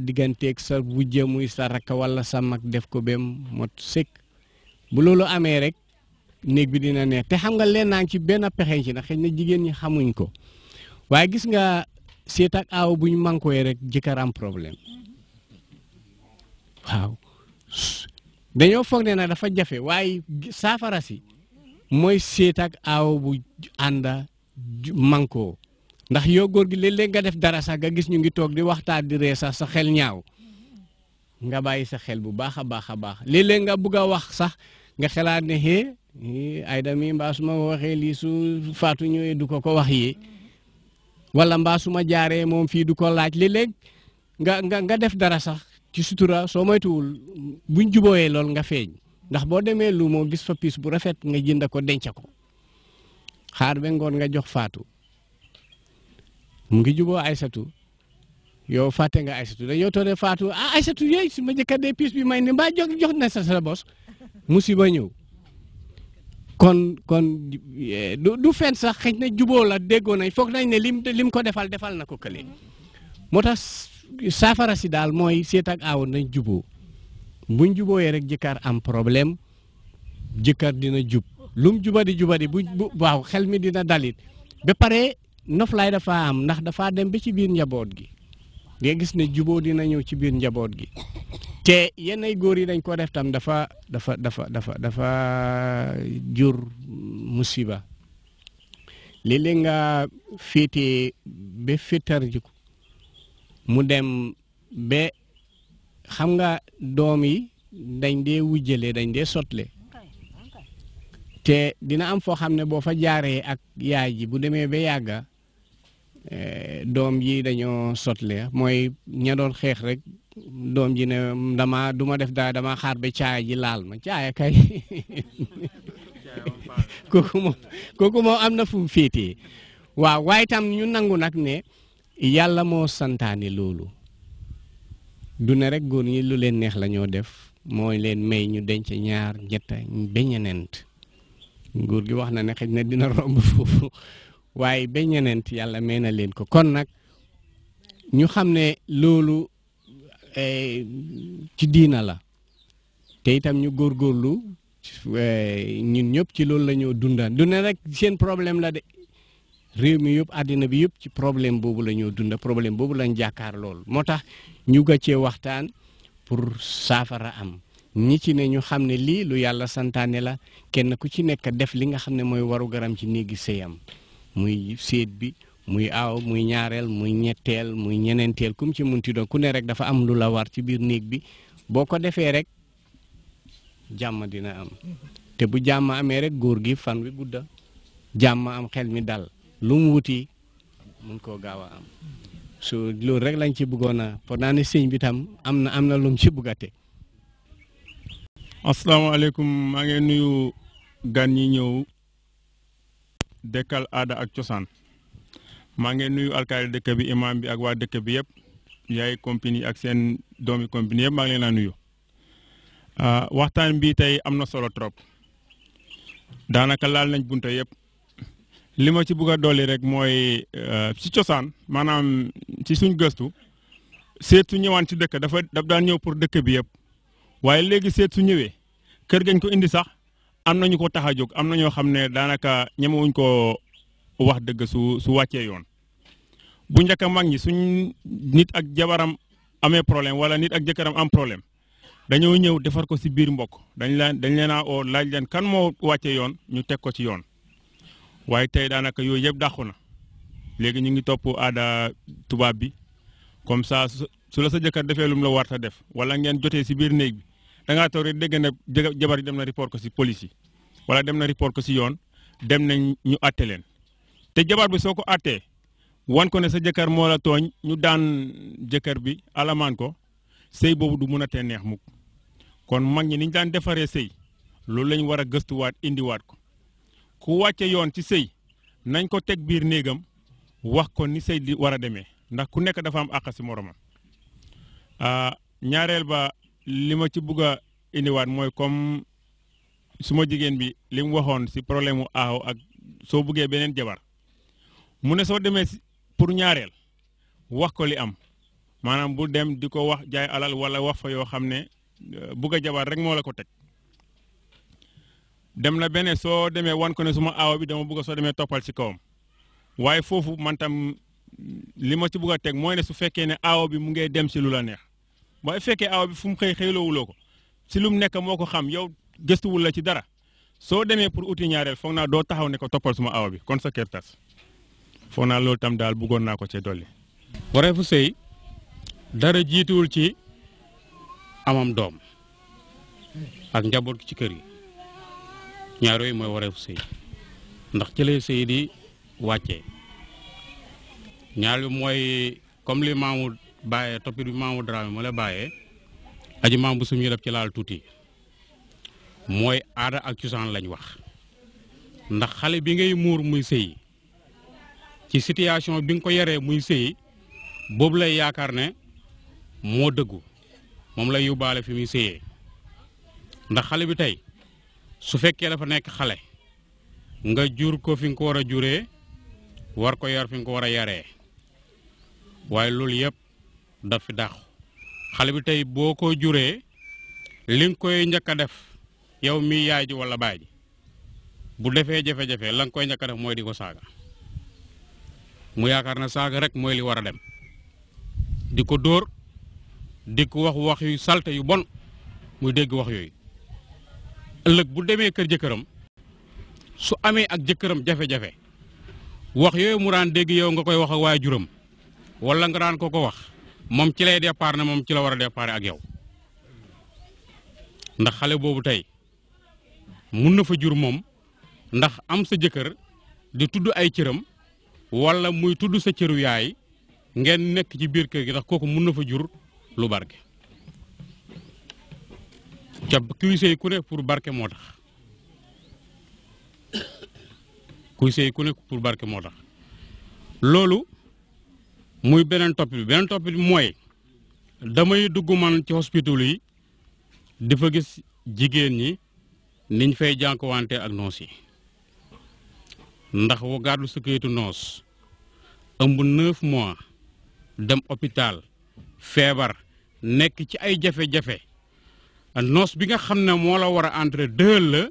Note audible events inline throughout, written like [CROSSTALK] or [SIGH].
digganteeg sa wujje muy sa rakk wala sa mag def ko bem mot sëkk bu loolu amee rek néeg bi dina neex te xam nga leen naa ci benn pexe ci na xëy na jigéen ñi xamuñ ko waaye gis nga seet ak aaw buñ mànkooyee rek jëkkër am problème waaw dañoo foog ne na dafa jafe waaye saafara si mooy seet aaw bu ànda mànkoo ndax yoo góor gi léeg nga def dara sax nga gis ñu ngi toog di waxtaan di ree sax sa xel ñaaw nga bàyyi sa xel bu baax a baax a baax léeg nga bugg wax sax nga xelaat ne xee ayda mi mbaa su ma waxee lii su faatu ñëwee du ko ko wax yi walla mbaa su ma jaaree moom fii du ko laaj léeg-léeg nga nga nga def dara sax ci sutura soo moytuwul buñ jubooyee lool nga feeñ ndax boo demee lu moo gis fa piis bu rafet nga jënd ko denca ko xaar ba ngoon nga jox faatu mu ngi juboo Aysatu yow fàtte nga Aysatu dañoo toore faatu ah Aysatu yooyu su ma jëkka de piis bi may ne mbaa jox jox na sa sa bos musiba ñëw kon kon eh, du feen sax xëy na juboo la déggoo nañ foog nañ ne lim lim ko defal defal na ko kële moo tax saafara si daal mooy seet ak aawoon nañ juboo buñ jubooyee rek jëkkër am problème jëkkër dina jub lum jubadi jubadi bu waaw xel mi dina dalit ba pare noflaay dafa am ndax dafa dem ba ci biir njaboot gi nga gis ne juboo dina ñëw ci biir njaboot gi te yenn ay góor yi dañ ko def dafa dafa dafa dafa dafa jur musiba léeg-léeg nga féetee ba féetar mu dem ba xam nga doom yi dañ dee wujjale dañ dee sotle te dina am foo xam ne boo fa jaaree ak yaay ji bu demee ba yàgga Eh, doom ji dañoo sotle mooy ña xeex rek doom ji ne dama du def daal dama xaar ba caaya ji laal ma caaya kay [LAUGHS] kooku moom kooku moom am na fu mu waaw waaye tam ñu nangu nag ne yàlla moo santaani loolu du ne rek góor ñi lu leen neex lañoo def mooy leen may ñu denc ñaar ñett ba ñeneent góor gi wax na ne xëj na dina romb foofu waaye ba ñenent yàlla may na leen ko kon nag ñu xam ne loolu eh, ci diina la te itam ñu góor góorgóorlu eh, ñun ñëpp ci loolu la ñoo dundaan du rek seen problème la de réew mi yëpp addina bi yëpp ci problème boobu la ñoo dunda problème boobu lañ jàkkaar loolu moo tax ñu gàccee waxtaan pour saafara am ñi ci ne ñu xam ne lii lu yàlla santaane la kenn ku ci nekk def li nga xam ne mooy waru garam ci néegi sëyam muy séet bi muy aw muy ñaareel muy ñetteel muy ñeneenteel kum ci munti doon ku ne rek dafa am lu la war ci biir néeg bi boo ko defee rek jàmm dina am mm-hmm. te bu jàmm amee rek góor gi fan wi gudda jàmm am xel mi dal lu wuti mun koo gaaw a am mm-hmm. su loolu rek lañ ci bëggoon a pour naa ne sëñ bi tam am na am na lu mu ci bëggate. asalaamaaleykum maa ngi nuyu gan ñi ñëw dekkal aada ak cosaan maa ngi nuyu alkaali dëkk bi imaam bi ak waa dëkk bi yëpp yaay compagnie ak seen doomi compagnie yëpp maa ngi leen a nuyu ah, waxtaan bi tey am na solo trop daanaka laal nañ bunta yëpp li ma ci bugg a dolli rek mooy eh, ci cosaan maanaam ci suñ gëstu seet su ñëwaan ci dëkk dafa daf daan ñëw pour dëkk bi yëpp waaye léegi seet su ñëwee kër gañ ko indi sax am na ñu ko tax a jóg am na ñoo xam ne daanaka ñemewuñ koo wax dëgg su su wàccee yoon bu njëkk a mag ñi suñ nit ak jabaram amee problème wala nit ak jëkkëram am problème dañoo ñëw defar ko si biir mbokk dañ leen dañ leen a laaj leen kan moo wàccee yoon ñu teg ko ci yoon waaye tey daanaka yooyu yëpp dàqu na léegi ñu ngi topp aada tubaab bi comme ça su la sa jëkkër defee lum la warta def wala ngeen jotee si biir néeg bi da ngaa toog rek dégg na jabar dem na report ko si police walla wala dem na report ko si yoon dem nañ ñu àtte leen te jabar bi soo ko àttee wan ko ne sa jëkkër moo la tooñ ñu daan jëkkër bi alamaan ko sey boobu du mun a tee neex mukk kon mag ñi niñ daan defaree sey loolu lañ war a gëstuwaat indiwaat ko ku wàcce yoon ci sey nañ ko teg biir néegam wax ko ni sey di war a demee ndax ku nekk dafa am àq si ah, ñaareel ba li ma ci bugg a indiwaat mooy comme suma jigéen bi li mu waxoon si problème mu aaw ak soo buggee beneen jabar mu ne soo demee pour ñaareel wax ko li am maanaam bu dem di ko wax jaay alal wala wax fa yoo xam ne euh, bugg a jabar rek moo la ko teg dem na bene soo demee wan ko ne suma aaw bi dama bugg soo demee toppal si kawam waaye foofu mantam tam li ma ci bugg a teg mooy ne su fekkee ne aaw bi mu ngee dem si lu la neex waaye fekkee aw bi fu mu xëy xëyloowuloo ko si lu mu nekk moo ko xam yow gëstuwul la ci dara soo demee pour uti ñaareel foog naa doo taxaw ne ko toppal suma aw bi kon sa kër tas foog naa loolu tam daal bëggoon naa ko cee dolli. wareefu sëy dara jiituwul ci amam doom ak njaboot ci kër yi ñaar mooy wareefu sëy ndax ci lay sëy di wàcce ñaar yu mooy comme li maamu bàyyee toppit bi maamu Dramé mu la bàyyee aji maam bu sum ñu def ci laal tuuti mooy aada ak cosaan lañ wax ndax xale bi ngay muur muy sëyi ci situation bi nga ko yaree muy sëyi boobu lay yaakaar ne moo dëggu moom lay yóbbaale fi muy sëyee ndax xale bi tey su fekkee dafa nekk xale nga jur ko fi nga ko war a juree war ko yar fi nga ko war a yaree waaye loolu yëpp daf fi xale bi tey boo ko juree li koy njëkk a def yow mi yaay ji walla baay ji bu defee jafe-jafe la koy njëkk def mooy di ko saaga mu yaakaar na saaga rek mooy li war a dem di ko dóor di ko wax wax yu salte yu bon muy dégg wax yooyu ëllëg bu demee kër jëkkëram su amee ak jëkkëram jafe-jafe wax yooyu mu daan dégg yow nga koy wax ak waajuram wala nga daan ko ko wax moom ci lay départ na moom ci la war a départ ak yow ndax xale boobu tey mun na fa jur moom ndax am sa jëkkër di tudd ay cëram walla muy tudd sa cëru yaay ngeen nekk ci biir kër gi ndax kooku mun na fa jur lu barke ca kuy ku ne pour barke moo tax kuy ku ne pour barke moo tax loolu muy beneen topp bi beneen topp bi mooy damay dugg man ci hospital yi dafa gis jigéen ñi niñ fay jànkuwante ak noos yi ndax wa gàddu sécurité noos ëmb neuf mois dem hôpital feebar nekk ci ay jafe-jafe noos bi nga xam ne moo la war a entre deux la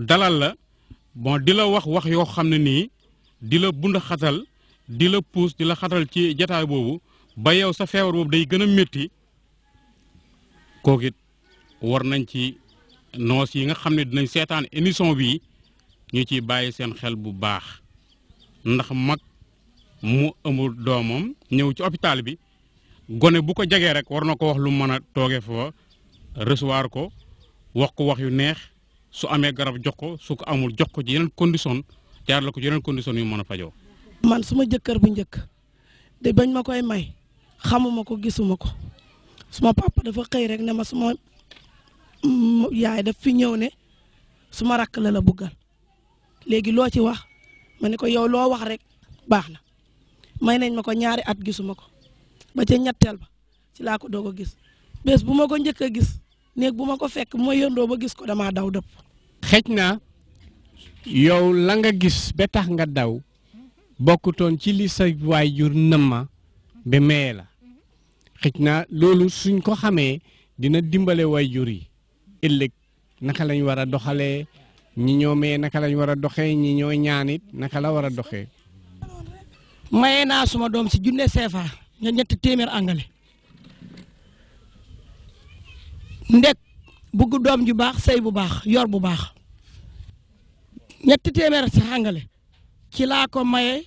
dalal la bon di la wax wax yoo xam ne nii di la bund xatal di la puus di la xatal ci jataay boobu ba yow sa feebar boobu day gën a métti kooku war nañ ci noos yi nga xam ne dinañ seetaan émission bii ñu ci bàyyi seen xel bu baax ndax mag mu amul doomam ñëw ci hôpital bi gone bu ko jegee rek war na ko wax lu mën a tooge fa recevoir ko wax ko wax yu neex su amee garab jox ko su ko amul jox ko ci yeneen condition jaar la ko ci yeneen condition yu mën a fajoo man suma jëkkër bu njëkk de bañ ma koy may xamuma ko gisuma ko suma papa dafa xëy rek na ma suma yaay daf fi ñëw ne suma rakk la la buggal léegi loo ci wax ma ne ko yow loo wax rek baax na may nañ ma ko ñaari at gisuma ko ba ca ñetteel ba ci laa ko doog a gis bés bu ma ko njëkk a gis néeg bu ma ko fekk bu ma ba gis ko damaa daw dëpp. xëj na yow la nga gis ba tax nga daw. bokkutoon ci li sa waajur nëmma ba maye la xëj na loolu suñ ko xamee dina dimbale waajur yi ëllëg naka lañu war a doxalee ñi ñoo maye naka lañu war a doxee ñi ñoo ñaanit naka la war a doxee. maye naa suma doom si junne CFA ña ñetti téeméer angale ndek bugg doom ju baax sëy bu baax yor bu baax ñetti téeméer si angale ci laa ko maye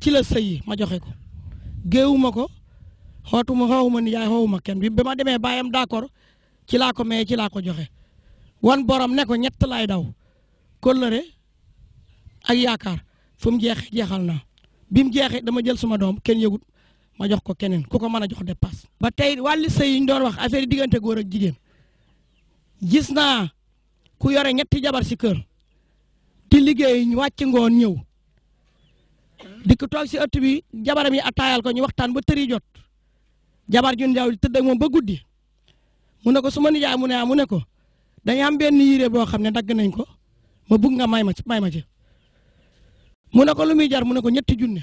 ci la sëyi ma joxe ko géewuma ko xootuma xoowuma ni yaay xoowuma kenn bi ma demee baayam d'accord ci laa ko maye ci laa ko joxe wan borom ne ko ñett laay daw kóllëre ak yaakaar fu mu jeex jeexal na bi mu jeexee dama jël suma doom kenn yëgut ma jox ko keneen ku ko mën a jox dépasse ba tey wàllu sëy yi ñu doon wax affaire yi diggante góor ak jigéen gis naa ku yore ñetti jabar si kër di liggéey ñu wàcc ngoon ñëw dikk toog si ëtt bi jabaram yi attaayal ko ñu waxtaan ba tëri jot jabar ju ndaw tëdd ak moom ba guddi mu ne ko su ma nijaay mu ne ah mu ne ko dañu am benn yére boo xam ne dagg nañ ko ma bugg nga may ma ci may ma ci mu ne ko lu muy jar mu ne ko ñetti junne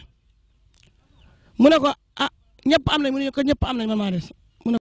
mu ne ko ah ñëpp am na mu ne ñëpp am nañ man maa des